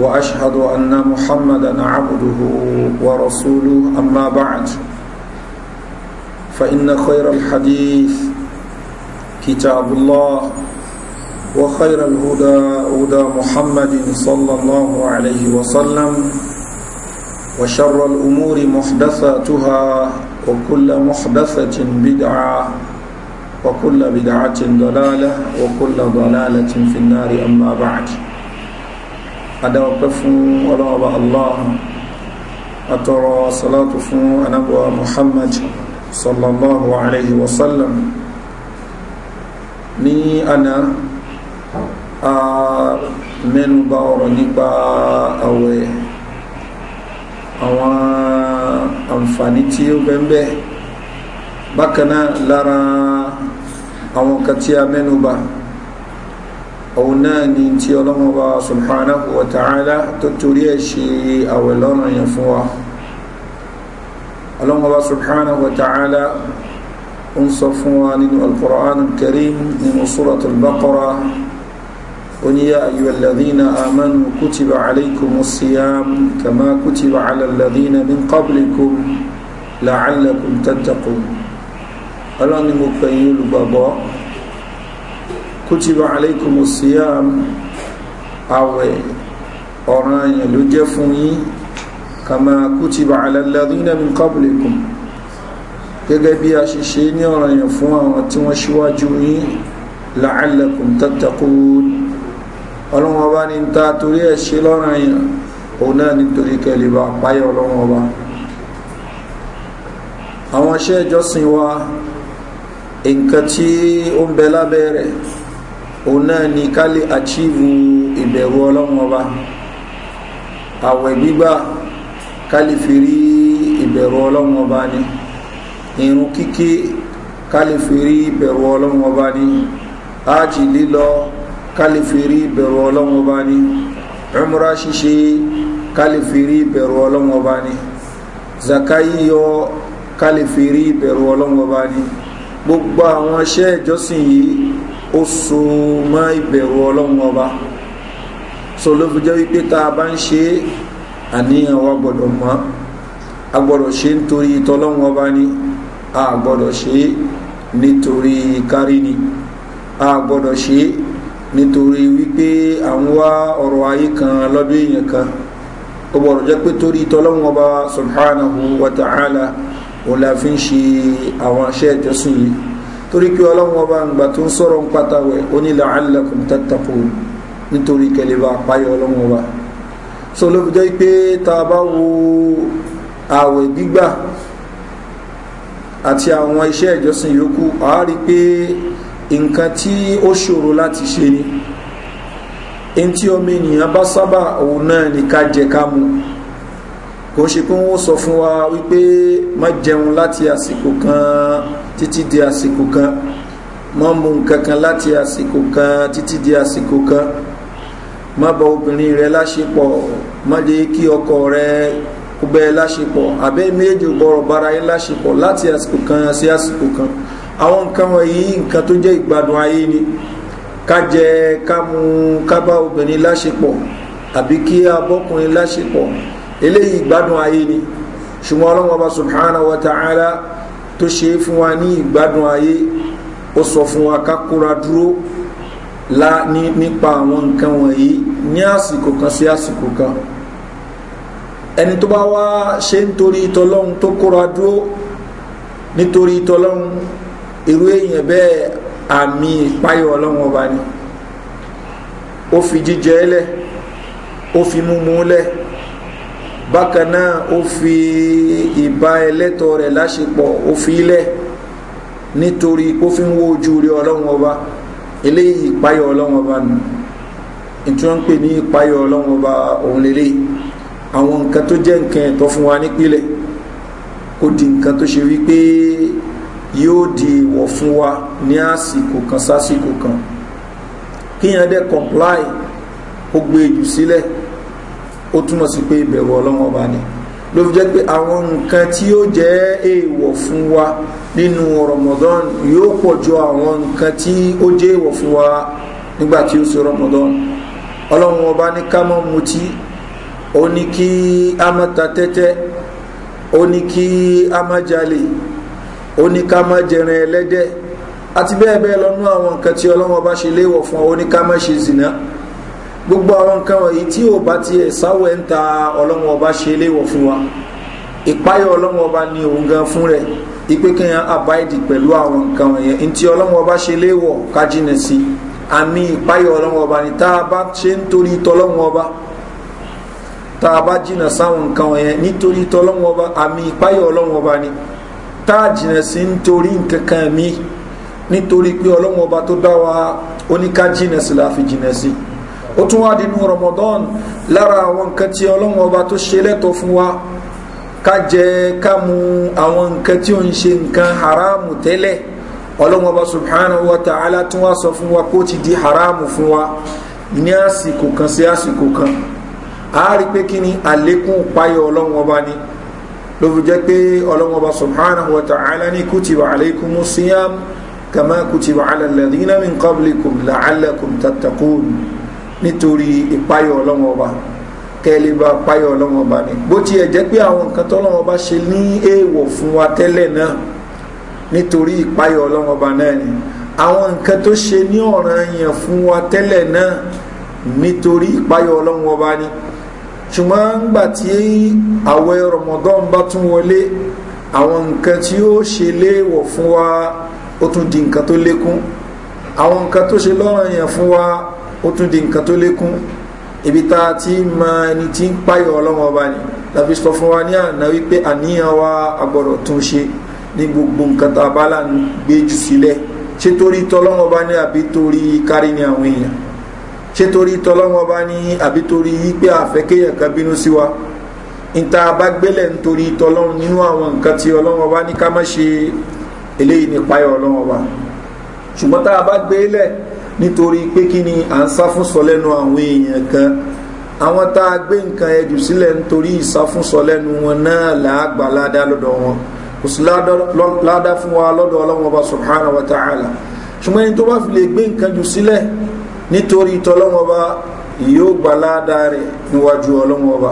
واشهد ان محمدا عبده ورسوله اما بعد فان خير الحديث كتاب الله وخير الهدى هدى محمد صلى الله عليه وسلم وشر الامور محدثاتها وكل محدثه بدعه وكل بدعه ضلاله وكل ضلاله في النار اما بعد adáwọ̀pẹ́ fún ọlọ́ọ̀bá allah àtọrọ salatu fún anábọ̀wá muhammad sallallahu alayhi wa sallam ní àná a mẹ́nu bà ọ̀rọ̀ nípa àwẹ̀ àwọn àǹfààní tí ó bẹ́ẹ̀ bákan náà lára àwọn kan a mẹ́nu bà òun náà ni tí ọlọ́mọba subhanahu wa ta'ala tó torí ẹ̀ ṣe àwẹ̀ lọ́rùn yẹn fún wa ọlọ́mọba subhanahu wa ta'ala ń sọ fún wa nínú al-Qur'an al-Karim nínú suratul Baqara قل يا أيها الذين آمنوا كتب عليكم الصيام كما كتب على الذين من قبلكم لعلكم تتقون ألا نمكين بابا kutiba alaykumus siyam àwẹ̀ ọ̀ranyàn ló jẹ́ fún yín kama kutiba ala alladhina min qablikum gẹ́gẹ́ bí a ṣe ṣe ní ọ̀ranyàn fún àwọn tí wọ́n ṣíwájú yín la'allakum tattaqun ọlọ́wọ́n bá ní ta torí ẹ̀ ṣe lọ́ranyàn òun náà nítorí kẹlẹ́bà páyọ̀ ọlọ́wọ́n bá àwọn iṣẹ́ ìjọsìn wa nǹkan tí ó ń bẹ lábẹ́ rẹ̀ òun náà ni ká lè achieve ìbẹ̀rù ọlọ́run ọba àwẹ̀ gbígbà ká lè fi rí ìbẹ̀rù ọlọ́run ọba ni irun kíkí ká lè fi rí ìbẹ̀rù ọlọ́run ọba ni ájì lílọ ká lè fi rí ìbẹ̀rù ọlọ́run ọba ni umra ṣíṣe ká lè fi rí ìbẹ̀rù ọlọ́run ọba ni zaka yíyọ ká lè fi rí ìbẹ̀rù ọlọ́run ọba ni gbogbo àwọn iṣẹ́ ìjọsìn yìí ó so mọ́ ìbẹ̀rù ọlọ́run ọba so ló fi jẹ́ wípé tá a bá ń ṣe àníyàn wa gbọ́dọ̀ mọ́ a gbọ́dọ̀ ṣe nítorí ìtọ́lọ́run ọba ni a gbọ́dọ̀ ṣe nítorí kárí ni a gbọ́dọ̀ ṣe nítorí wípé àwọn wá ọ̀rọ̀ ayé kan lọ́dún èèyàn kan ó gbọ́dọ̀ jẹ́ pé torí ìtọ́lọ́run ọba subhanahu wa ta'ala òun la fi ń ṣe àwọn aṣẹ́ ìtẹ́sùn yìí torí pé ọlọ́run ọba àgbà tó ń sọ̀rọ̀ ń pàtàwẹ̀ ó ní la'allakum tattaqun nítorí kẹlẹ́bà apáyọ ọlọ́run ọba so ló fi jẹ́ pé tá a bá wo ààwẹ̀ gbígbà àti àwọn iṣẹ́ ìjọsìn yòókù a rí pé nǹkan tí ó ṣòro láti ṣe ni ẹni tí ọmọ ènìyàn bá sábà òun náà ní ká jẹ ká mu kò ṣe pé wọ́n sọ fún wa wípé má jẹun láti àsìkò kan títí di àsìkò kan má mu nǹkan kan láti àsìkò kan títí di àsìkò kan má bá obìnrin rẹ láṣepọ̀ má lè kí ọkọ rẹ kó bẹ́ẹ̀ láṣepọ̀ àbẹ́ méjì gbọ́rọ̀ bára yín láṣepọ̀ láti àsìkò kan sí àsìkò kan àwọn nǹkan wọ̀nyí nǹkan tó jẹ́ ìgbádùn ayé ni ká jẹ ká mu ká bá obìnrin láṣepọ̀ àbí kí abọ́kùnrin láṣepọ̀ eléyìí ìgbádùn ayé ni ṣùgbọ́n ọlọ́wọ́n bá subhanahu wa ta'ala tó ṣe é fún wa ní ìgbádùn ayé ó sọ fún wa ká kóra dúró la nípa àwọn nǹkan wọ̀nyí ní àsìkò kan sí àsìkò kan ẹni tó bá wá ṣe nítorí ìtọ́lọ́hun tó kóra dúró nítorí ìtọ́lọ́hun irú èèyàn bẹ́ẹ̀ àmì ìpáyọ̀ ọlọ́run ọba ni ó fi jíjẹ ẹlẹ̀ ó fi múmú lẹ̀ bákan náà ó fi ìbá ẹlẹ́tọ̀ rẹ̀ láṣepọ̀ ó fi ilẹ̀ nítorí ó fi ń wo ojú rí ọlọ́run ọba eléyìí ìpayọ̀ ọlọ́run ọba nù tí wọ́n ń pè ní ìpayọ̀ ọlọ́run ọba òun lélẹ̀ àwọn nǹkan tó jẹ́ nǹkan ẹ̀tọ́ fún wa nípìnlẹ̀ ó di nǹkan tó ṣe wípé yóò di ìwọ̀ fún wa ní àsìkò kan sásìkò kan kíyàn dẹ́ comply ó gbé jù sílẹ̀ ó túmọ̀ sí pé ìbẹ̀rù ọlọ́wọ́n ọba ni ló fi jẹ́ pé àwọn nǹkan tí yóò jẹ́ èèwọ̀ fún wa nínú Ramadan yóò pọ̀ ju àwọn nǹkan tí ó jẹ́ èèwọ̀ fún wa nígbà tí ó ṣe Ramadan ọlọ́wọ́n ọba ní ká má mutí ó ní kí a má ta tẹ́tẹ́ ó ní kí a má jalè ó ní ká má jẹran ẹlẹ́dẹ̀ àti bẹ́ẹ̀ bẹ́ẹ̀ lọ́nú àwọn nǹkan tí ọlọ́wọ́n ọba ṣe léèwọ̀ fún wa ó ní ká má ṣe zìnà gbogbo àwọn nǹkan wọ̀nyí tí ò bá tiẹ̀ sáwọ̀ ẹ̀ ń ta ọlọ́wọ́n ọba ṣe léwọ̀ fún wa ìpáyọ̀ ọlọ́wọ́n ọba ní òun gan fún rẹ̀ ipe kéèyàn abáìdì pẹ̀lú àwọn nǹkan wọ̀nyẹn ntí ọlọ́wọ́n ọba ṣe léwọ̀ ká jìnà sí àmì ìpáyọ̀ ọlọ́wọ́n ọba ni tá a bá ṣe nítorí tọ́lọ́wọ́n ọba tá a bá jìnà sáwọn nǹkan wọ̀nyẹn nítorí tọ́lọ́wọ́n ọba àmì ìpáyọ̀ ọlọ́wọ́n ọba ni tá a jìnà sí nítorí nǹkan kan mi ó tún wá dínú Ramadan lára àwọn nǹkan tí ọlọ́run ọba tó ṣe lẹ́tọ̀ fún wa ká jẹ ká mu àwọn nǹkan tí ó ń ṣe nǹkan haramu tẹ́lẹ̀ ọlọ́run ọba subhanahu wa ta'ala tún wá sọ fún wa kó ti di haramu fún wa ní àsìkò kan sí àsìkò kan a rí pé kí ni àlékún ìpayọ̀ ọba ni ló fi jẹ́ pé ọlọ́run ọba subhanahu wa ta'ala ní kutiba alaykumus siyam kama kutiba ala alladhina min qablikum la'allakum tattaqun nítorí ìpayọ̀ ọlọ́wọ́n ọba kẹ́lẹ́bà payọ̀ ọlọ́wọ́n ọba ni bó tiẹ̀ jẹ́ pé àwọn nǹkan tọ́lọ́wọ́n ọba ṣe ní èèwọ̀ fún wa tẹ́lẹ̀ náà nítorí ìpayọ̀ ọlọ́wọ́n ọba náà ni àwọn nǹkan tó ṣe ní ọ̀ràn yẹn fún wa tẹ́lẹ̀ náà nítorí ìpayọ̀ ọlọ́wọ́n ọba ni ṣùgbọ́n nígbà tí àwẹ̀ rọmọdán bá tún wọlé àwọn nǹkan tí ó ṣe léèwọ̀ fún wa ó tún di nǹkan tó lékún àwọn nǹkan tó ṣe lọ́ràn yẹn fún wa ó tún di nǹkan tó lékún ibi tá a ti máa ẹni tí ń páyọ̀ ọlọ́wọ́n ọba ni tàbí sọ fún wa ní àná wípé àníyàn wa agbọ̀dọ̀ tún ṣe ní gbogbo nǹkan tá a bá là ń gbé jù sílẹ̀ ṣé torí tọ́lọ́wọ́n ọba ni àbí torí kárí ni àwọn èèyàn ṣé torí tọ́lọ́wọ́n ọba ni àbí torí pé àfẹ́kéyàn kan bínú sí wa níta bá gbélẹ̀ nítorí tọ́lọ́run nínú àwọn nǹkan tí ọlọ́wọ́n ọba ní ká má ṣe eléyìí nípa ẹ̀ ọlọ́wọ́n ọba ṣùgbọ́n tá a bá gbélẹ̀ nítorí pé kí ni à ń sá fún sọ lẹ́nu àwọn èèyàn kan àwọn tá a gbé nǹkan ẹjù sílẹ̀ nítorí ìsáfúnsọ lẹ́nu wọn náà làágbà ládá lọ́dọ̀ wọn kò sí ládá fún wa lọ́dọ̀ ọlọ́wọ́n ọba subhana wa ta'ala ṣùgbọ́n ẹni tó bá fi lè gbé nǹkan jù sílẹ̀ nítorí tọ́lọ́wọ́n ọba yóò gbà ládá rẹ̀ níwájú ọlọ́wọ́n ọba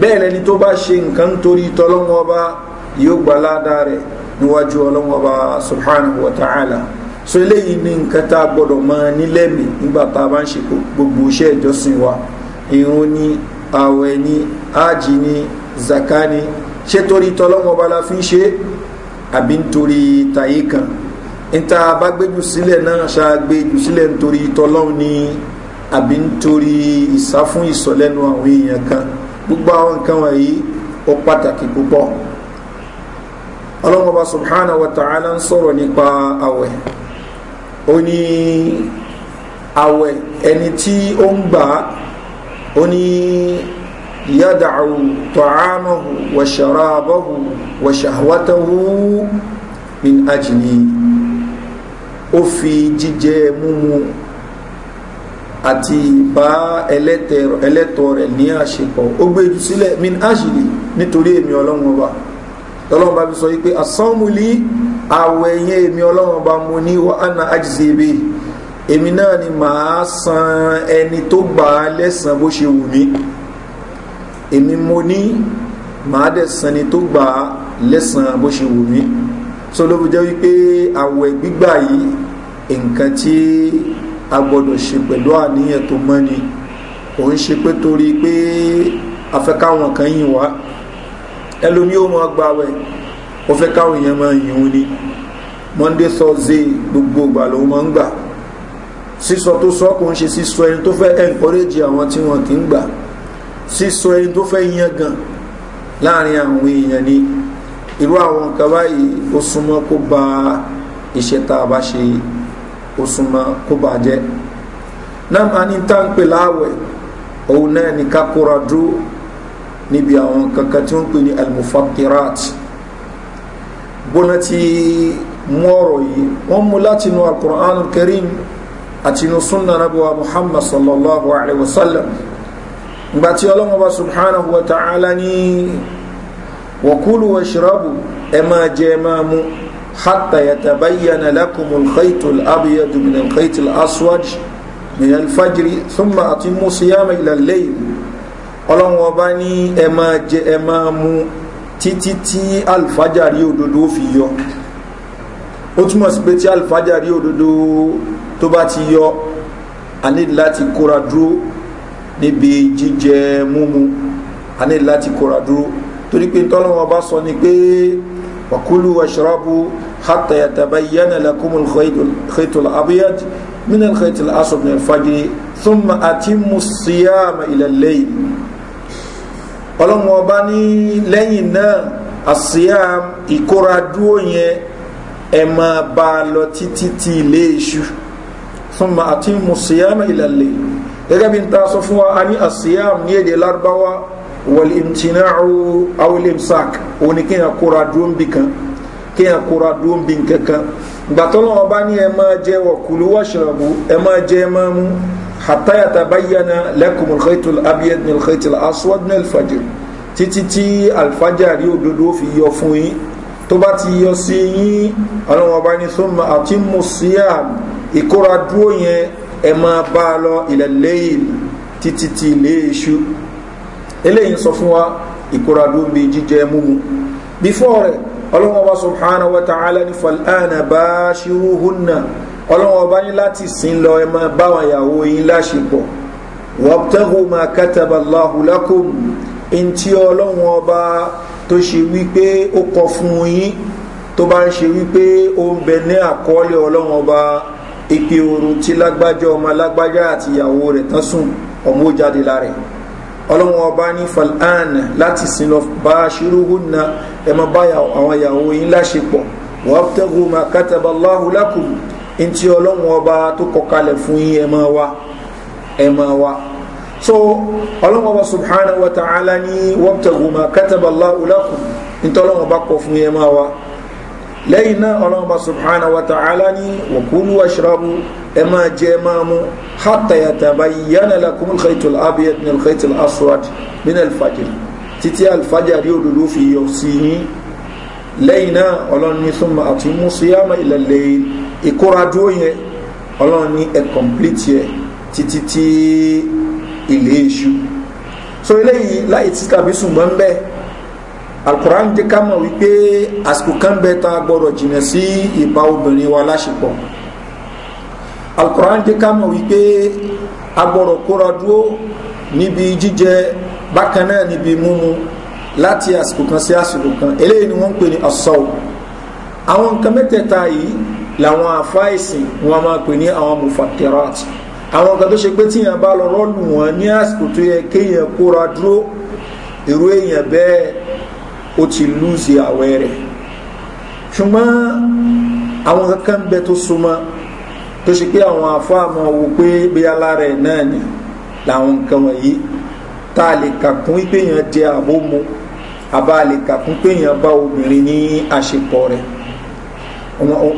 bẹ́ẹ̀ lẹni tó bá ṣe nǹkan nítorí tọ́lọ́wọ́n ọba yóò gbà ládá rẹ̀ níwájú ọlọ́wọ́n ọba subhana wa ta'ala. so eléyìí ní nǹkan tá a gbọ́dọ̀ mọ nílẹ̀mí nígbà tá a bá ń ṣe ni àwẹ̀ ni ájì ni zaka ni ṣé torí tọlọ́mọ fi ṣe àbí nítorí tàyé kan níta bá gbéjú sílẹ̀ náà ṣáà sílẹ̀ nítorí ni àbí nítorí ìsáfún ìsọ̀lẹ́nu àwọn èèyàn kan gbogbo àwọn nǹkan wọ̀nyí ó pàtàkì púpọ̀ ọlọ́mọba subhanahu wa ta'ala ń sọ̀rọ̀ nípa àwẹ̀ ó ní àwẹ̀ ẹni tí ó ń gbà ó ní yada'u ta'amahu wa sharabahu min ajli ó fi jíjẹ múmu àti bá ẹlẹ́tọ̀ rẹ̀ ní àṣepọ̀ ó gbé jù sílẹ̀ min nítorí èmi ọlọ́run ọba ọlọ́run bá fi sọ yí pé àwọ̀ ẹ̀yìn èmi ọlọ́run ọba mo ní wa ana ajize ebe èmi náà ni màá san ẹni tó gbà á lẹ́sàn bó ṣe wù mí èmi mo ní màá dẹ̀ san ni tó gbà á lẹ́sàn bó ṣe wù mí so ló fi jẹ́ wípé àwẹ̀ gbígbà yìí nǹkan tí a gbọ́dọ̀ ṣe pẹ̀lú àníyàn tó mọ́ ni ò ń ṣe pé torí pé afẹ́káwọn kan yìn wá ẹlòmí ó mọ gbàwẹ̀ ó fẹ́ káwọn èèyàn máa yìn ó ni monday thursday gbogbo ìgbà lòun máa ń gbà sísọ tó sọ kò ń ṣe sísọ ẹni tó fẹ́ encourage àwọn tí wọn kì í gbà sísọ ẹni tó fẹ́ yan gan láàrin àwọn èèyàn ni irú àwọn nǹkan báyìí ó súnmọ́ kó ba iṣẹ́ tá a bá ṣe ó súnmọ́ kó ba jẹ́ náà máa ní tá à ń òun náà ní ká dúró níbi àwọn kankan tí wọ́n pè ní almufakirat bọ́nà tí mú ọ̀rọ̀ yìí wọ́n mú láti inú alukur'an karim àti inú sunna nabuwa muhammad sallallahu alayhi wa sallam ngba tí ọlọ́mọ bá subhanahu wa ta'ala ní wakulu wa shirabu ẹ máa jẹ ẹ máa mú hatta yatabayyana lakum alkhaytu al-abyadu min alkhayti al-aswad min alfajri thumma atimmu siyama ila al-layl ọlọ́wọ́n ní ẹ máa jẹ ẹ máa mú títí tí alfajari òdodo fi yọ ó túmọ̀ sí pé tí alifájàrí òdodo tó bá ti yọ a ní láti kóra dúró níbi jíjẹ múmu a ní láti kóra dúró torí pé tọ́lọ́wọ́n bá sọ ni pé wàkúlù wàṣọ́rọ́bù hàtà yàtàbá yánà lakumul khaytul abiyad minal khaytul asub ní alfajiri thumma atimu siyama ilal layl ọlọ́wọ́n bá ní lẹ́yìn náà asiyam ìkóra dúró yẹn ẹ máa bá a lọ títí tí ilé iṣu thumma atimmu siyama ila al-layl gẹ́gẹ́ bí n ta sọ fún wa a ní asiyam ní èdè lárúbáwá wal-imtina'u aw al-imsak òun ni kéèyàn kóra dúró ń bì kan kéèyàn kóra dúró ń bì kankan gbàtọ́lọ́ ọba ní ẹ máa jẹ wa kulu washrabu ẹ máa jẹ ẹ máa mú hatta yatabayyana lakumul khaytul abyad minal khaytil aswad títí tí alfajari òdodo fi yọ fún yín tó bá ti yọ sí yín ọlọ́run ọba ní súnmọ́ àti mùsíà ìkóra dúró yẹn ẹ máa bá a lọ ilẹ̀ lẹ́yìn títí ti ilé iṣu eléyìí sọ fún wa ìkóra dúró bíi jíjẹ múmu bífọ́ rẹ̀ ọlọ́run ọba subhanahu wa ta'ala ní fal'ana bá ṣirú hunna ọlọ́run ọba ní láti sin lọ ẹ máa bá wọn yàwó yín láṣepọ̀ wọ́n tẹ́hùn máa kátàbà láhùlákùn ntí ọlọ́run ọba tó ṣe wípé ó kọ fún yín tó bá ń ṣe wípé ó ń bẹ ní àkọọ́lẹ̀ ọlọ́run ọba ìpè oorun tí lágbájá ọmọ lágbájá àti ìyàwó rẹ̀ tán sùn ọmọ ó jáde lára ọlọ́run ọba ní fal'an láti sin lọ bá ṣírúhùnà ẹ máa bá àwọn ìyàwó yín láṣepọ̀ wọ́n tẹ́gùn máa kátàbà láhùlákùn ní ti ọlọ́run ọba tó kọ kalẹ̀ fún yín ẹ máa wá ẹ máa wá so ọlọ́mọba subhanahu wa ta'ala ní wabtaghuma kataballahu lakum ntọ́lọ́mọba kọ fún yẹn máa wa lẹ́yìn náà ọlọ́mọba subhanahu wa ta'ala ní wa kulu washrabu ẹ máa jẹ ẹ máa mu hatta yatabayyana lakum al-khaytul abyad min al-khaytil aswad min al-fajr títí al-fajr yóò dodo fi yọ sí yín lẹ́yìn náà ọlọ́run ní súnmọ́ àti mú síyámà ìlẹ̀lẹ̀ ìkóradúró yẹn ọlọ́run ẹ̀ complete yẹ títí tí ilé iṣu so eléyìí láì tí tàbí sùnmọ́ ń bẹ́ alukoran jẹ́ ká mọ̀ wípé àsìkò kan bẹ tá a gbọ́dọ̀ jìnà sí ìbá obìnrin wa láṣepọ̀ alukoran jẹ́ ká mọ̀ wípé a gbọ́dọ̀ kóra dúró níbi jíjẹ bákan náà níbi múmu láti àsìkò kan sí àsìkò kan eléyìí ni wọ́n ń pè ní assaw àwọn nǹkan mẹ́tẹ̀ẹ̀ta yìí làwọn àfáìsìn wọn máa pè ní àwọn mufakirat àwọn kan tó ṣe pé tíyàn bá lọ rọ́ọ̀lù wọn ní àsìkò tó yẹ kéèyàn kóra dúró èrò èèyàn bẹ́ẹ̀ ó ti lùzì àwẹ̀ rẹ̀ ṣùgbọ́n àwọn kankan bẹ tó súnmọ́ tó ṣe pé àwọn afáàmọ́ wo pé bóyá lára ẹ̀ náà ni làwọn nǹkan wọ̀nyí tá a lè kàkún péyàn jẹ àbómu àbá a lè kàkún péyàn bá obìnrin ní àṣepọ̀ rẹ̀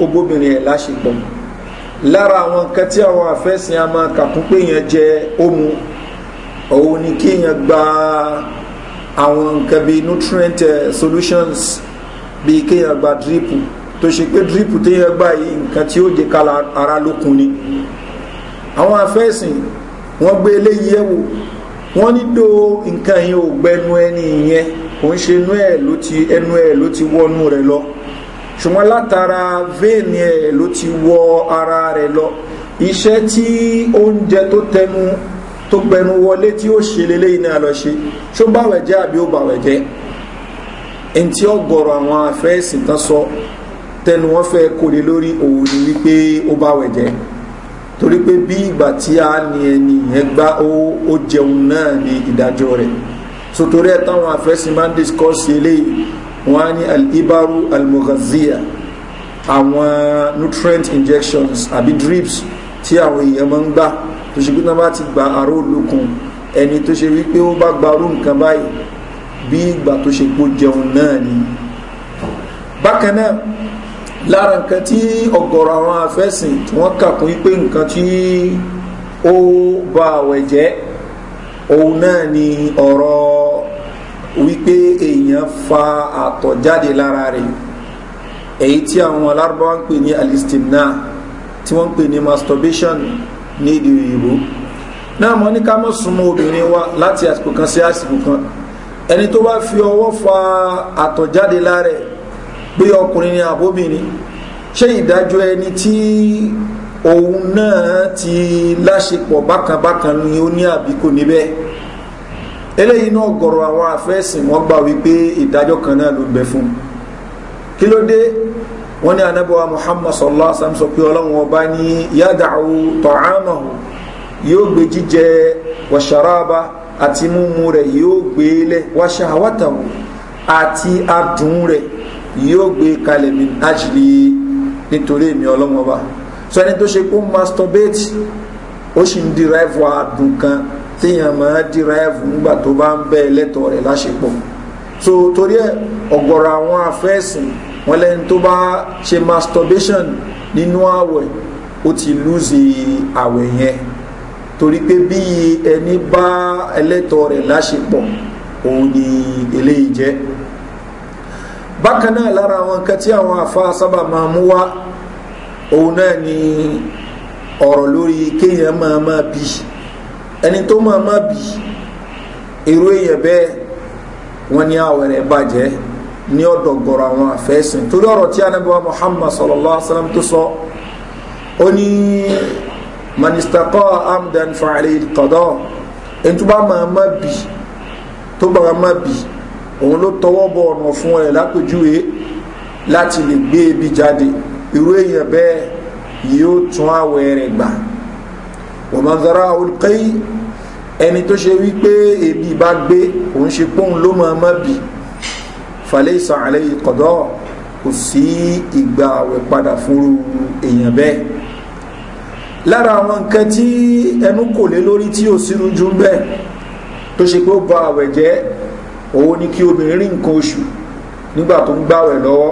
obóbìnrin ẹ̀ láṣepọ̀ mọ́ lára àwọn nǹkan tí àwọn àfẹ́sìn a máa kàkún pé yẹn jẹ omu òun ni kí yẹn gba àwọn nǹkan bíi nutrient eh, solutions bíi kí yẹn gba drip tó ṣe pé drip tí yẹn gba yìí nǹkan tí ó jẹ ká ara lókun ni àwọn afẹ́sìn wọ́n gbé eléyìí yẹ̀wò wọ́n nílò nǹkan yẹn ò gbẹnu ẹni yẹn kò ń ṣe ẹnu ẹ̀ ló ti wọnú rẹ̀ lọ ṣùgbọ́n látara vein ẹ̀ ló ti wọ ara rẹ̀ lọ iṣẹ́ tí oúnjẹ tó tẹnu tó gbẹnu wọlé tí ó ṣe lélẹ́yìn náà lọ ṣe ṣó bàwẹ̀ jẹ́ àbí ó bàwẹ̀ jẹ́ ẹni tí ọgọ̀rọ̀ àwọn afẹ́sìn tán sọ tẹnu wọn fẹ́ kórè lórí òun ni wípé ó bàwẹ̀ jẹ́ torí pé bí ìgbà tí a ní ẹni yẹn gbá ó jẹun náà ní ìdájọ́ rẹ̀ sotori ẹ̀ táwọn afẹ́sìn máa ń discourse eléyìí wọ́n á ní al-ibaru àwọn nutrient injections àbí drips tí àwọn èèyàn máa ń gbà tó ṣe pé náà bá ti gba àrò olókun ẹni tó ṣe wípé ó bá gbarú nǹkan báyìí bí ìgbà tó ṣe pó jẹun náà ni bákan náà lára nǹkan tí ọ̀gọ̀rọ̀ àwọn afẹ́sìn tí wọ́n kà kún wípé nǹkan tí ó ba àwẹ̀ jẹ́ òun náà ni ọ̀rọ̀ wípé èèyàn fa àtọ̀ jáde lára rẹ̀ èyí tí àwọn alárúbáwá ń pè ní alistimna tí wọ́n ń pè ní masturbation ní èdè òyìnbó náà mo ní ká mọ̀ súnmọ́ obìnrin wa láti àsìkò kan sí àsìkò kan ẹni tó bá fi ọwọ́ fa àtọ̀ jáde lára rẹ̀ bí ọkùnrin ni àbóbìnrin ṣé ìdájọ́ ẹni tí òun náà ti láṣepọ̀ bákan bákan ni ó ní àbí kò eléyìí náà gọ̀rọ̀ àwọn afẹ́sìn wọ́n gbà wípé ìdájọ́ kan náà ló ń fún kí ló dé wọ́n ní anábọ́wá muhammad sallallahu alaihi wasallam sọ pé ọlọ́run ọba ní yádàáwó tọ̀hámàhù yóò gbé jíjẹ wàṣàrábà àti mímu rẹ̀ yóò gbé lẹ̀ wàṣàwátàwò àti adùn rẹ̀ yóò gbé kalẹ̀ mi ajìlì nítorí èmi ọlọ́run ọba sọ ẹni tó ṣe kó masturbate ó sì ń derive adùn kan téèyàn máa dìráìfù nígbà tó bá ń bẹ́ ẹlẹ́tọ̀ọ́ rẹ̀ láṣepọ̀ so torí ẹ ọ̀gọ̀rọ̀ àwọn afẹ́sìn wọn lẹ́ni tó bá ṣe masturbation nínú àwẹ̀ ó ti lùzì àwẹ̀ yẹn torí pé bí ẹni bá ẹlẹ́tọ̀ọ́ rẹ̀ láṣepọ̀ òun ni eléyìí jẹ́ bákan náà lára àwọn nǹkan tí àwọn afa sábà máa mú wá òun náà ni ọ̀rọ̀ lórí kéèyàn máa máa bí i ẹni tó máa má bì irú èèyàn bẹ́ẹ̀ wọ́n ní àwẹ̀ rẹ̀ bàjẹ́ ní ọ̀dọ̀ gọ̀rọ̀ àwọn àfẹ́sìn torí ọ̀rọ̀ tí anábì wa muhammad sallallahu alaihi wa sallam tó sọ ó ní manistaqo amdan fa'alil qada ẹni tó bá máa má bì tó bá má bì òun ló tọwọ́ bọ ọ̀nà fún ẹ̀ lápèjúwe láti lè gbé ebi jáde irú èèyàn bẹ́ẹ̀ yóò tún àwẹ̀ gbà òmọ̀nsára olùkẹ́yì ẹni tó ṣe wípé ebi bá gbé òun ṣe pọ́hùn ló mọ̀ ọmọ bì falẹ̀ ìsàn àlẹ́ ìkọ̀dọ́ kò sí ìgbà àwẹ̀ padà fúru èèyàn bẹ́ẹ̀ lára àwọn nǹkan tí ẹnu kò lé lórí tí ò sínú jù bẹ́ẹ̀ tó ṣe pé ó ba àwẹ̀ jẹ́ òun ni kí obìnrin rí nǹkan oṣù nígbà tó ń gbàwẹ̀ lọ́wọ́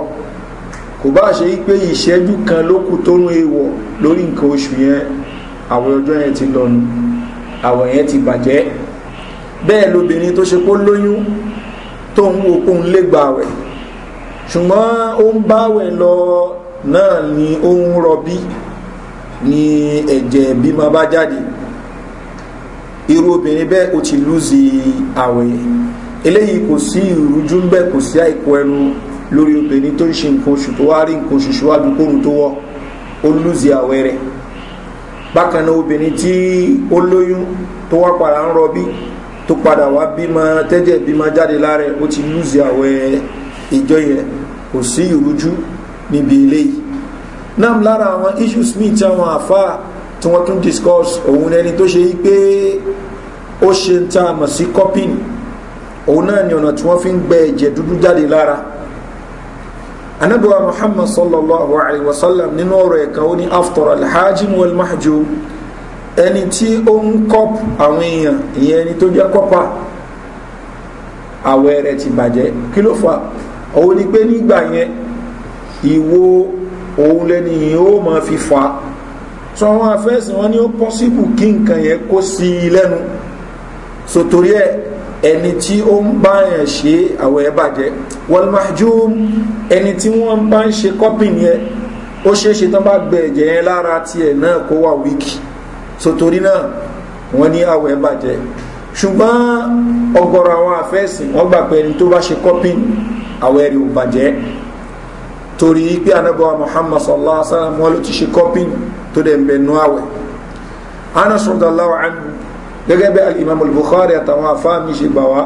kò bá ṣe wípé ìṣẹ́jú kan ló kù tó ń ewọ̀ lórí nǹkan oṣù yẹn àwọn ọjọ́ yẹn ti lọ nù àwọn yẹn ti bàjẹ́ bẹ́ẹ̀ lobìnrin tó ṣe kó lóyún tó ń wo kó ń lé gba àwẹ̀ ṣùgbọ́n ó ń báwẹ̀ lọ náà ni ó ń rọbí ni ẹ̀jẹ̀ bímọ bá jáde irú obìnrin bẹ́ẹ̀ ó ti lùzì àwẹ̀ eléyìí kò sí ìrújú ń bẹ́ kò sí àìkú ẹnu lórí obìnrin tó ń ṣe nǹkan oṣù tó wá rí nǹkan oṣù ṣíwájú kóòrùn tó wọ́ ó lùzì àwẹ̀ rẹ̀ bákan náà obìnrin tí ó lóyún tó wá padà ń rọbí tó padà wá bímọ tẹ́jẹ̀ bímọ jáde lára ó ti lùzì àwẹ̀ ìjọ yẹn kò sí ìrújú níbi eléyìí náà lára àwọn issues míì tí àwọn àfáà tí wọ́n tún discuss òun ẹni tó ṣe yí pé ó ṣe ń ta àmọ̀ sí copying òun náà ni ọ̀nà tí wọ́n fi ń gbẹ ẹ̀jẹ̀ dúdú jáde lára anabiwa muhammad sallallahu alayhi wa sallam nínú ọ̀rọ̀ ẹ̀ka ó ní after alhajim wal mahjum ẹni tí ó ń kọ́pù àwọn èèyàn ìyẹn ẹni tó jẹ́ kọ́pà àwẹ̀ rẹ̀ ti bàjẹ́ kí ló fà òun ni pé nígbà yẹn ìwo òun lẹ́ni yìí ó máa fi fa tí wọ́n afẹ́sìn wọn ni ó pọ́sibù kí nǹkan yẹn kó sí i lẹ́nu sotori ẹ̀ ẹni tí ó ń bá yẹn ṣe àwẹ̀ ẹ̀ bàjẹ́ walmahjum ẹni tí wọ́n bá ń ṣe kọ́pì yẹn ó ṣeéṣe tán bá gbẹ ẹ̀jẹ̀ yẹn lára tiẹ̀ náà kó wà wíkì so torí náà wọ́n ní àwẹ̀ ẹ̀ bàjẹ́ ṣùgbọ́n ọgọ́rọ̀ àwọn àfẹ́sìn wọ́n gbà pé ẹni tó bá ṣe kọ́pì àwẹ̀ rẹ̀ ò bàjẹ́ torí pé anábọ́wá muhammad sallallahu alaihi wa sallam wọn ló ti ṣe kọ́pì tó dẹ̀ ń bẹ̀ nú àwẹ̀ anas rọ̀dàláwà gẹ́gẹ́ bẹ́ẹ̀ alimami Bukhari àtàwọn afáàmì ṣe gbà wá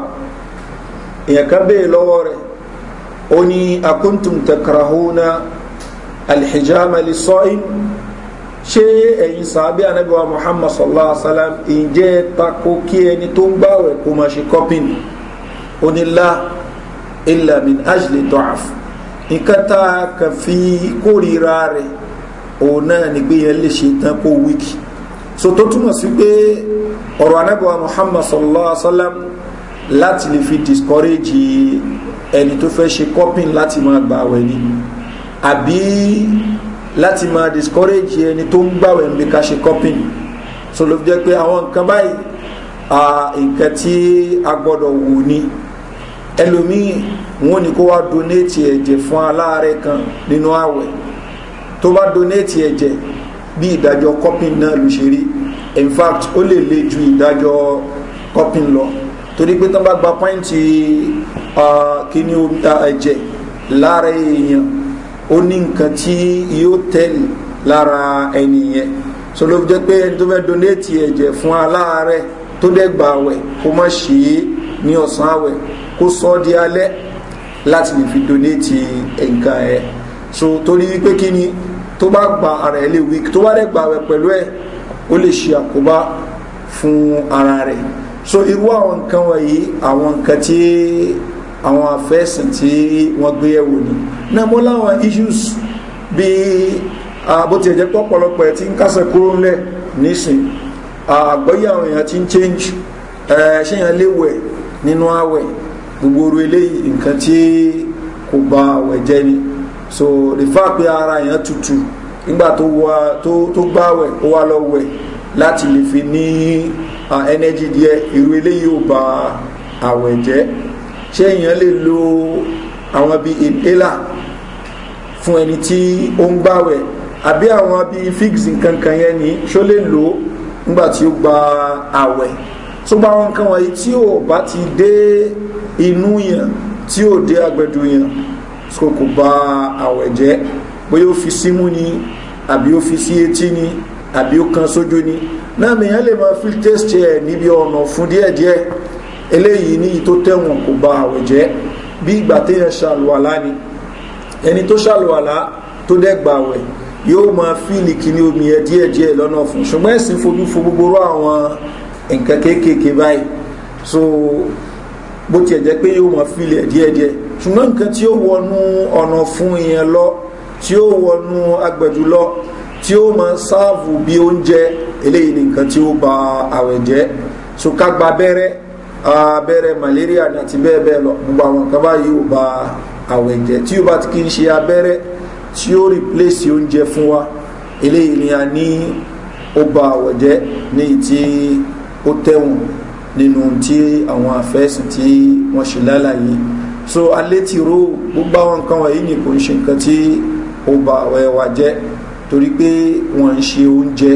èèyàn kan bẹ́ẹ̀ lọ́wọ́ rẹ̀ ó ní akuntum takrahuna alhijama lis-sa'im ṣé ẹ̀yin sàábí anabi wa Muhammad sallallahu alaihi wa sallam ǹjẹ́ tako kí ẹni tó ń gbàwẹ̀ kó máa ṣe kọ́pìn ó ní la illa min ajli du'af nǹkan tá a kàn fi kórìíra rẹ̀ òun náà nígbéyẹn lè ṣe tán kó wíkì so tó túmọ̀ sí pé ọ̀rọ̀ anábọ̀wá muhammad sallallahu alaihi wa sallam láti lè fi discourage ẹni tó fẹ́ ṣe copying láti máa gba àwẹ̀ ni àbí láti máa discourage ẹni tó ń gbàwẹ̀ níbi ká ṣe copying so ló fi jẹ́ pé àwọn nǹkan báyìí nǹkan tí a gbọ́dọ̀ wù ni ẹlòmíì wọn ni kó wá donate ẹ̀jẹ̀ fún aláàárẹ̀ kan nínú àwẹ̀ tó bá donate ẹ̀jẹ̀ bí ìdájọ́ copying náà ló ṣe rí in fact ó lè le ju ìdájọ́ copying lọ torí pé tán bá gba pọ́ìntì kíní ẹ̀jẹ̀ lára èèyàn ó ní nǹkan tí yóò tẹ̀lé lára ẹni yẹn so ló jẹ́ pé ẹni tó fẹ́ donate ẹ̀jẹ̀ fún aláàárẹ̀ tó dẹ̀ gbà kó má ṣe é ní ọ̀sán àwẹ̀ kó sọ ọ́ di alẹ́ láti lè fi donate nǹkan ẹ̀ so torí pé kí tó bá gba ara ẹ̀ lè wí tó bá dẹ̀ gba àwẹ̀ pẹ̀lú ẹ̀ ó lè ṣe àkóbá fún ara rẹ̀ so irú àwọn nǹkan wọ̀nyí àwọn nǹkan tí àwọn afẹ́sìn tí wọ́n gbé ẹ̀wò ni náà mo láwọn issues bí bó ti ẹ̀jẹ̀ pọ̀ pọ̀lọpọ̀ ẹ̀ tí ń kásẹ̀ kúrò ńlẹ̀ nísìn àgbọ́yé àwọn èèyàn ti ń change ṣéyàn léwẹ̀ nínú àwẹ̀ gbogbo oru eléyìí nǹkan tí kò ba àwẹ̀ jẹ́ ni so rìfá pé ara èèyàn tutù nígbà tó wá tó gbáwẹ̀ ó wá lọ wẹ̀ láti lè fi ní ẹnẹ́jì díẹ̀ irú eléyìí ò ba àwẹ̀ jẹ́ ṣé èèyàn lè lo àwọn bíi inhaler fún ẹni tí ó ń gbáwẹ̀ àbí àwọn bíi fix nǹkan kan yẹn ni ṣó lè lò ó nígbà tí ó gba àwẹ̀ tó bá wọn kan wọ̀nyí tí ò bá ti dé inú yẹn tí ò dé agbẹ̀dù yẹn so kò ba àwẹ̀ jẹ́ bóyá ó fi símú ni àbí ó fi sí etí ni àbí ó kan sójú ni náà mìíràn lè máa fi tẹ́sítì ẹ̀ níbi ọ̀nà fún díẹ̀díẹ̀ eléyìí ní tó tẹ̀wọ̀n kò ba àwẹ̀ jẹ́ bí ìgbà téèyàn ṣàlùwàlá ni ẹni tó ṣàlùwàlá tó dẹ̀ gbàwẹ̀ yóò máa fíìlì kíní omi ẹ díẹ̀díẹ̀ lọ́nà fún ṣùgbọ́n ẹ̀sìn fojú fo gbogbo àwọn nǹkan kéékèèké báyìí so bó tiẹ̀ jẹ́ pé yóò máa fíìlì ẹ díẹ̀díẹ̀ ṣùgbọ́n nǹkan tí ó wọnú ọ̀nà fún ìyẹn lọ tí ó wọnú agbẹ̀jù lọ tí ó máa sáàbù bí oúnjẹ eléyìí ni nǹkan tí ó ba àwẹ̀ jẹ́ so gba abẹ́rẹ́ abẹ́rẹ́ malaria àti bẹ́ẹ̀ bẹ́ẹ̀ lọ gbogbo àwọn kan báyìí ó ba àwẹ̀ jẹ́ tí ó bá ti kí ń ṣe abẹ́rẹ́ tí ó replace oúnjẹ fún wa eléyìí ni a ní ó ba àwẹ̀ jẹ́ ní ti ó tẹ̀wọ̀n nínú tí àwọn àfẹ́sìn tí wọ́n ṣe lálàyé so alẹ́ ti ro gbogbo àwọn nǹkan wọ̀nyí ni kò ń ṣe nǹkan tí ó ba àwẹ̀ wa jẹ́ torí pé wọ́n ń ṣe oúnjẹ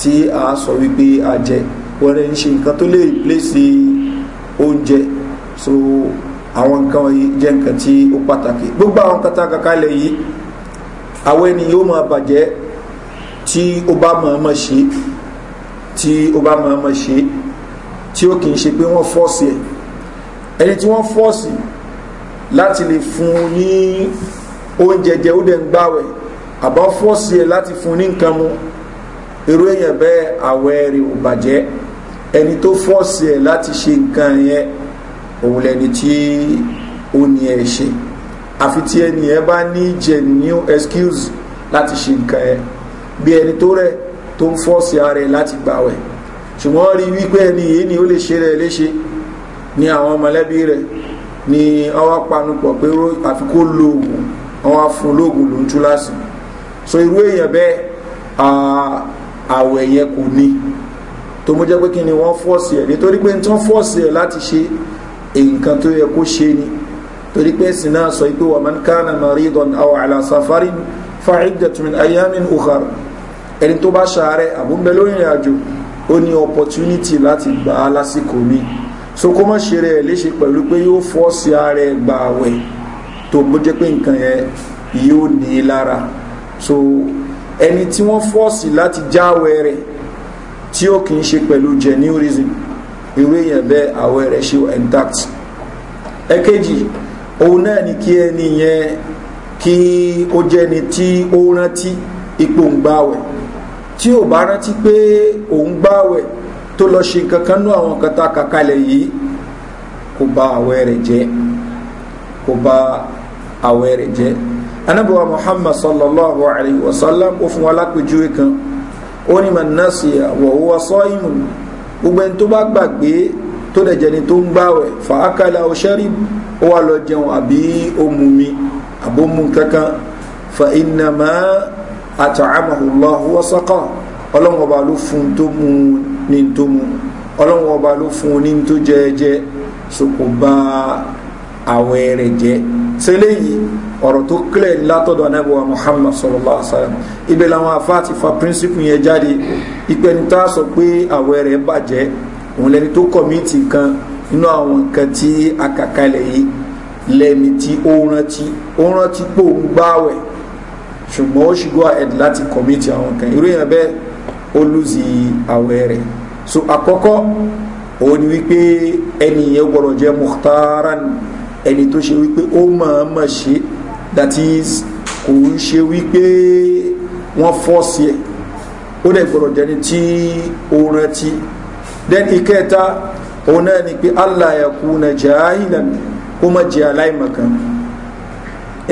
tí a sọ wípé a jẹ wọ́n ń ṣe nǹkan tó lè pèsè oúnjẹ so àwọn nǹkan wọ̀nyí jẹ́ nǹkan tí ó pàtàkì gbogbo àwọn nǹkan tá a kàkà lẹ̀ yìí àwọn ẹni yóò máa bàjẹ́ tí ó bá mọ̀ọ́mọ̀ ṣe tí ó bá mọ̀ọ́mọ̀ ṣe tí ó kì í ṣe pé wọ́n fọ́ọ̀sì ẹ̀ ẹni tí wọ́n fọ́ọ̀sì láti lè fún un ní oúnjẹ jẹ ó dẹ̀ ń gbàwẹ̀ àbá fọ́ọ̀sì ẹ̀ láti fún un ní nǹkan mu irú èèyàn bẹ́ẹ̀ àwẹ̀ rẹ̀ ò bàjẹ́ ẹni tó fọ́ọ̀sì ẹ̀ láti ṣe nǹkan yẹn òun lẹni tí ó ní ẹ ṣe àfi tí ẹni ẹ bá ní genuine excuse láti ṣe nǹkan ẹ bí ẹni tó rẹ̀ tó ń fọ́ọ̀sì ara ẹ̀ láti gbàwẹ̀ ṣùgbọ́n rí wípé ẹni yìí ni ó lè ṣe rẹ̀ léṣe ní àwọn mọ̀lẹ́bí rẹ̀ ni àwọn apanupọ̀ pé àfikó lóògùn àwọn afun lóògùn ló ń tú láti so irú èèyàn bẹ́ẹ̀ àwẹ̀ yẹn kò ní tó mú jẹ́ pé kí ni wọ́n fọ́ọ̀sì ẹ̀ nítorí pé tí wọ́n fọ́ọ̀sì ẹ̀ láti ṣe nǹkan tó yẹ kó ṣe ni torí pé ẹ̀sìn náà sọ pé wà máa ń kánà maridon aw ala safarin fa'iddatun ayamin ukhar ẹni tó bá ṣàárẹ̀ àbúgbẹ́ lórí àjò ó ní opportunity láti gbà á lásìkò míì so kó má ṣe rẹ̀ léṣe pẹ̀lú pé yóò fọ́ọ̀sì ara ẹ̀ gba àwẹ̀ tó bó jẹ́ pé nǹkan yẹn yóò ní í lára so ẹni tí wọ́n fọ́ọ̀sì láti jáwẹ̀ rẹ̀ tí ó kì í ṣe pẹ̀lú reason irú èèyàn bẹ́ẹ̀ àwẹ̀ rẹ̀ intact ẹ̀kejì òun náà ni kí ẹni yẹn kí ó jẹ́ni tí ó rántí ipò ń gbàwẹ̀ tí ò rántí pé òun gbàwẹ̀ tó lọ ṣe nǹkan kan nú àwọn nǹkan tá a kà kalẹ̀ yìí kò bà àwẹ̀ rẹ̀ jẹ́ kò bà àwẹ̀ rẹ̀ jẹ́ anabiwa muhammad sallallahu alayhi wa sallam ó fún wa lápèjúwe kan ó ní man nasiya wa huwa sa'imun gbogbo ẹni tó bá gbàgbé tó dẹ̀ jẹni tó ń gbàwẹ̀ fa akala ó wà lọ jẹun àbí ó mu kankan fa innama at'amahu allahu wa saqa ọlọ́run ọba ló fún tó mu un ní tó mu ọlọ́run ọba ló fún un ní tó jẹ́ẹ́jẹ́ so kò bá àwẹ̀ rẹ̀ jẹ́ sẹ́lẹ̀ ọ̀rọ̀ tó kílẹ̀ látọ̀dọ̀ anábọ̀wá muhammad sallallahu alaihi wa sallam ibẹ̀ làwọn afá ti fa píríncípù yẹn jáde ìpẹ́ni tá a sọ pé àwẹ̀ rẹ̀ bàjẹ́ òun lẹni tó kọ̀mìtì kan nínú àwọn nǹkan tí a kà kalẹ̀ yìí lẹ́ni tí ó rántí ó rántí pò ń gbáwẹ̀ ṣùgbọ́n ó ṣì go láti kọ̀mìtì àwọn kan irú yẹn bẹ́ẹ̀ ó lùzì àwẹ̀ rẹ̀ so àkọ́kọ́ òun ni wípé ẹni yẹn gbọ́dọ̀ jẹ́ mukhtaran tó ṣe wípé ó mọ̀ọ́mọ̀ ṣe that is kò ń ṣe wípé wọ́n fọ́ọ̀sì ẹ̀ ó dẹ̀ gbọ́dọ̀ jẹ́ni tí ó rántí then ìkẹta òun náà ni pé na yakuna jahilan kó má jẹ́ aláìmọ̀kan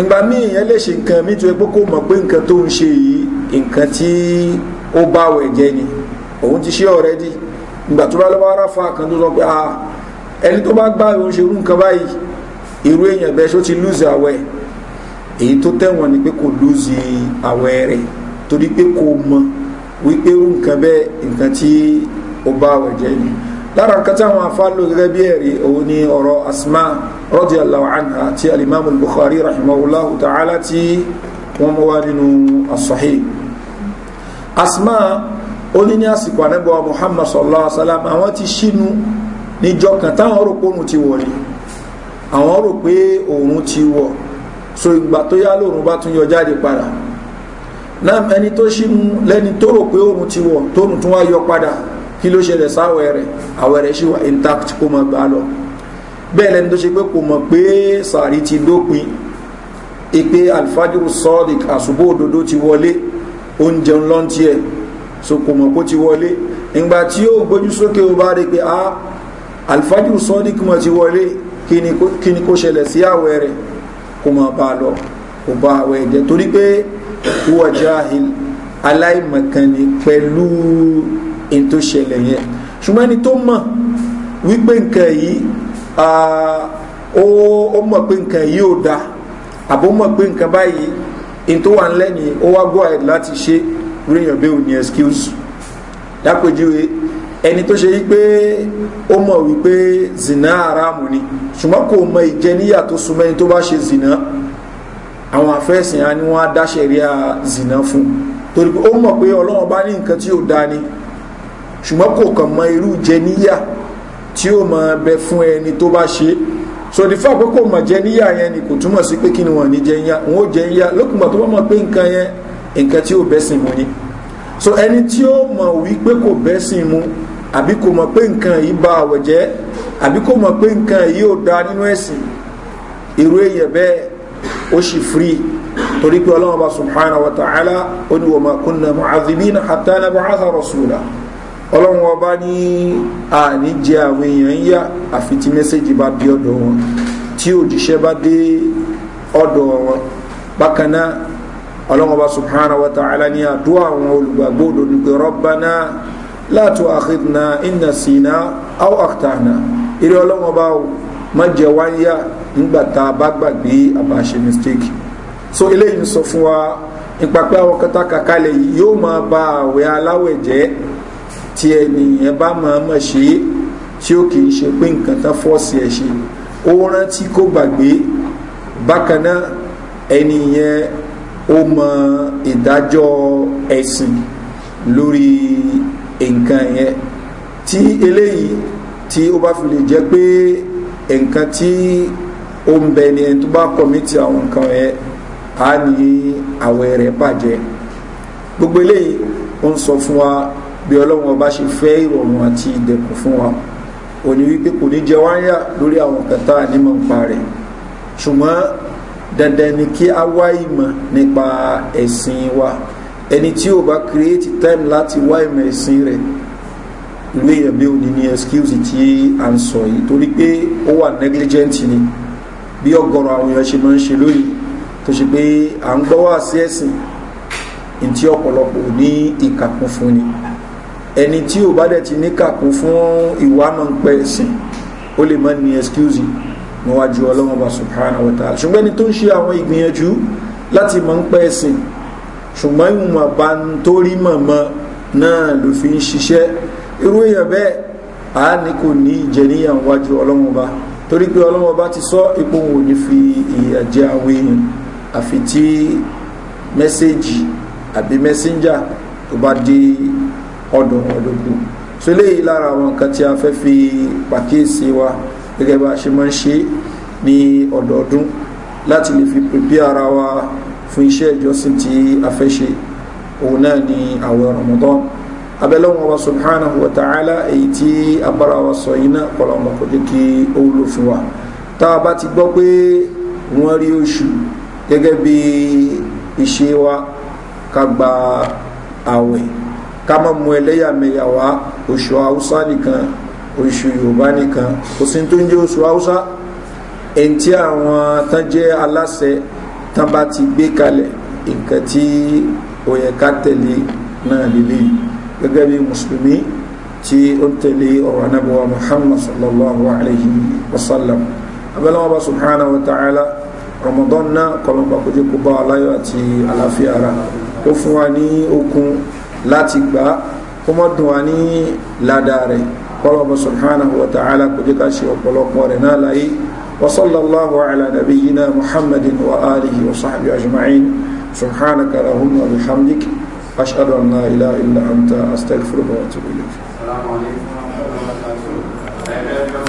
ìgbà míì yẹn lè ṣe nǹkan mi tó yẹ pé kó mọ̀ pé nǹkan tó ń ṣe yìí nǹkan tí ó bá wẹ̀ jẹ́ ni òun ti ṣe already ìgbà tó bá lọ́wọ́ ara fa kan tó sọ pé a ah, ẹni tó bá gbá òun ṣe irú nǹkan báyìí irú èèyàn bẹ́ẹ̀ ṣó ti lùzì àwẹ̀ èyí tó tẹ̀wọ̀n ni pé kò lùzì àwẹ̀ rẹ̀ torí pé kò mọ wípé irú nǹkan bẹ́ẹ̀ nǹkan tí ó bá àwẹ̀ jẹ́ ni lára nǹkan tí afáàlò gẹ́gẹ́ bí ẹ̀rí òun ni ọ̀rọ̀ asma radiyallahu anha ti alimami bukhari rahimahullahu ta'ala ti wọ́n mọ́ wá nínú as-sahih asma ó ní ní àsìkò ànábọ̀ muhammad sallallahu alaihi wasallam àwọn ti ṣínú níjọ kan táwọn rò pé òun ti wọ̀ àwọn rò pé òun ti wọ̀ so ìgbà tó yá lóòrùn bá tún yọ jáde padà náà ẹni tó ṣínú lẹ́ni tó rò pé òun ti wọ̀ tóun tún wá yọ padà kí ló ṣẹlẹ̀ sáwẹ̀ rẹ̀ àwẹ̀ rẹ̀ ṣì wà intact kó mọ̀ gbà lọ bẹ́ẹ̀ lẹ́ni tó ṣe pé kò mọ̀ pé sàárì ti dópin ìpè alfajiru sọ́ọ̀dì àṣùbò òdodo ti wọlé oúnjẹ ńlọ́ntì ẹ̀ so kò mọ̀ kó ti wọlé ìgbà tí yóò gbójú sókè ó bá rí pé a ah, alifájú sọ́ọ́dí kí mọ̀ ti wọlé kí ni kó ṣẹlẹ̀ sí àwẹ̀ rẹ̀ kó mọ̀ bá lọ kó bá àwẹ̀ jẹ́ torí pé wọ́n jahil aláìmọ̀kànnì pẹ̀lú in tó ṣẹlẹ̀ yẹn ṣùgbọ́n ẹni tó mọ̀ wípé nǹkan yìí ó mọ̀ pé nǹkan yìí ò dáa àbó mọ̀ pé nǹkan báyìí in wà ń lẹ́yìn ó wá gbọ́ ẹ̀ láti ṣe é ríyàn bẹ́ẹ̀ ò ní excuse lápèjúwe ẹni tó ṣe wípé ó mọ̀ wípé zina haramu ni ṣùgbọ́n kò mọ ìjẹníyà tó súnmọ́ tó bá ṣe zina àwọn afẹ́sìn á ní wọ́n á dáṣẹ̀ríà zina fún torí pé ó mọ̀ pé ọlọ́run bá ní nǹkan tí ò da ni ṣùgbọ́n kò kàn mọ irú jẹníyà tí ó mọ bẹ fún ẹni tó bá ṣe so the fact pé kò mọ̀ jẹ níyà yẹn ni kò túmọ̀ sí pé kí ni wọ́n ní jẹ yá wọ́n ó jẹ yá lókùnbọ̀ tó bá mọ̀ pé nǹkan yẹn nǹkan tí ó bẹ́sìn mu ni so ẹni tí ó mọ̀ wípé kò bẹ́sìn mu àbí kò mọ̀ pé nǹkan yìí ba àwẹ̀ jẹ́ àbí kò mọ̀ pé nǹkan yìí ò da nínú ẹ̀sìn irú èèyàn bẹ́ẹ̀ ó sì firi torí pé ọlọ́run bá subhanahu wa ta'ala ó ní wọ́n máa kún náà mu'adhibi na hatana ba'atha rasula ọlọ́run ọba ní àní jẹ àwọn èèyàn ń yá àfi tí mẹ́sẹ̀jì bá dé ọ̀dọ̀ wọn tí òjíṣẹ́ bá dé ọ̀dọ̀ wọn bákan náà ọlọ́mọba subhanahu wa ta'ala ní àdúrà àwọn olùgbàgbọ́ òdòdó rabbana la tu'akhidhna in nasina aw akhta'na eré ọlọ́mọba o má jẹ wáyà nígbà tá a bá gbàgbé àbáṣe mistake so eléyìí ń sọ fún wa nípa pé àwọn kẹta kàkálẹ̀ yìí yóò máa ba àwẹ̀ aláwẹ̀ jẹ́ tí ẹnìyàn bá máa mọ̀ ṣe é tí ó kì í ṣe pé nǹkan tán fọ́ọ̀sì ẹ̀ ṣe ó rántí kó gbàgbé bákan náà ó mọ ìdájọ́ ẹ̀sìn lórí nǹkan yẹn tí eléyìí tí ó bá fi lè jẹ́ pé nǹkan tí ó ń bẹ ni ẹni tó bá kọ̀mítì àwọn nǹkan yẹn á ní àwẹ̀ rẹ̀ bàjẹ́ gbogbo eléyìí ó ń sọ fún wa bí ọlọ́run ọba ṣe fẹ́ ìrọ̀rùn àti ìdẹ̀kùn fún wa òní wípé kò ní jẹ wáyà lórí àwọn kẹta nímọ̀ nípa rẹ̀ ṣùgbọ́n dandan ni kí a wá ìmọ̀ nípa ẹ̀sìn wa ẹni tí ò bá create time láti wá ìmọ̀ ẹ̀sìn rẹ̀ ìwé ìyẹ̀bí òní ní excuse tí a ń sọ yìí torí pé ó wà negligent ni bí ọgọrọ àwọn èèyàn ṣe máa ń ṣe lóyìí tó ṣe pé à ń gbọ́ wá sí ẹ̀sìn ní tí ọ̀pọ̀lọpọ̀ ní ìkàkùn fún ni ẹni tí ò bá dẹ̀ ti níkàkùn fún ìwà máa ń pẹ́ ẹ̀sìn ó lè má ní excuse níwájú ọlọ́wọ́n bá subhanahu wa ta'ala ṣùgbọ́n ẹni tó ń ṣe àwọn ìgbìyànjú láti mọ̀ ń pẹ́ ẹ̀sìn ṣùgbọ́n ìwọ̀n bá ń torí mọ̀mọ́ náà ló fi ń ṣiṣẹ́ irú èèyàn bẹ́ẹ̀ a ní kò ní ìjẹníyàn wájú ọlọ́wọ́n bá torí pé ọlọ́wọ́n bá ti sọ ipò wọn ní fi ìyà jẹ àwọn èèyàn àfi tí mẹ́sẹ́jì àbí mẹ́sẹ́njà tó bá dé ọ̀dọ̀ wọn lókun so eléyìí lára àwọn nǹkan tí a fẹ́ fi pàkíyèsí wa gẹ́gẹ́ bá a ṣe máa ń ṣe ní ọ̀dọ̀ọdún láti lè fi pèpè ara wa fún iṣẹ́ ìjọsìn tí a fẹ́ ṣe òun náà ni àwẹ̀ ramadan abẹ́lẹ́wọ̀n wa subhanahu wa ta'ala èyí tí abára wa sọ yìí náà kọlọ́mọ kò jẹ́ kí ó wúlò fún wa tá a bá ti gbọ́ pé wọ́n rí oṣù gẹ́gẹ́ bí ìṣe wa ká gba àwẹ̀ ká má mú ẹlẹ́yàmẹ̀yà wá oṣù haúsá nìkan oṣù yorùbá nìkan kò sí tó ń jẹ́ oṣù haúsá èyí tí àwọn tán jẹ́ aláṣẹ tán bá ti gbé kalẹ̀ nǹkan tí ó yẹ ká tẹ̀lé náà lélẹ̀ gẹ́gẹ́ bí mùsùlùmí tí ó tẹ̀lé ọ̀rọ̀ anábọ̀wá muhammad sallallahu alayhi wa sallam abẹ́lẹ́wọ̀n bá subhanahu wa ta'ala ramadan náà kọlọ́mbà kó jẹ́ kó bá aláyọ̀ àti àlàáfíà ara ó fún wa ní okun láti gbà kó mọ́ dùn wa ní ládàá rẹ̀ kọlọ́bọ̀ subhanahu wa ta'ala kò jẹ́ ká ṣe ọ̀pọ̀lọpọ̀ rẹ̀ náà láyé wa sallallahu ala nabiyyina muhammadin wa alihi wa sahbihi ajma'in subhanaka lahumma bihamdik ashhadu an la ilaha illa anta astaghfiruka wa atubu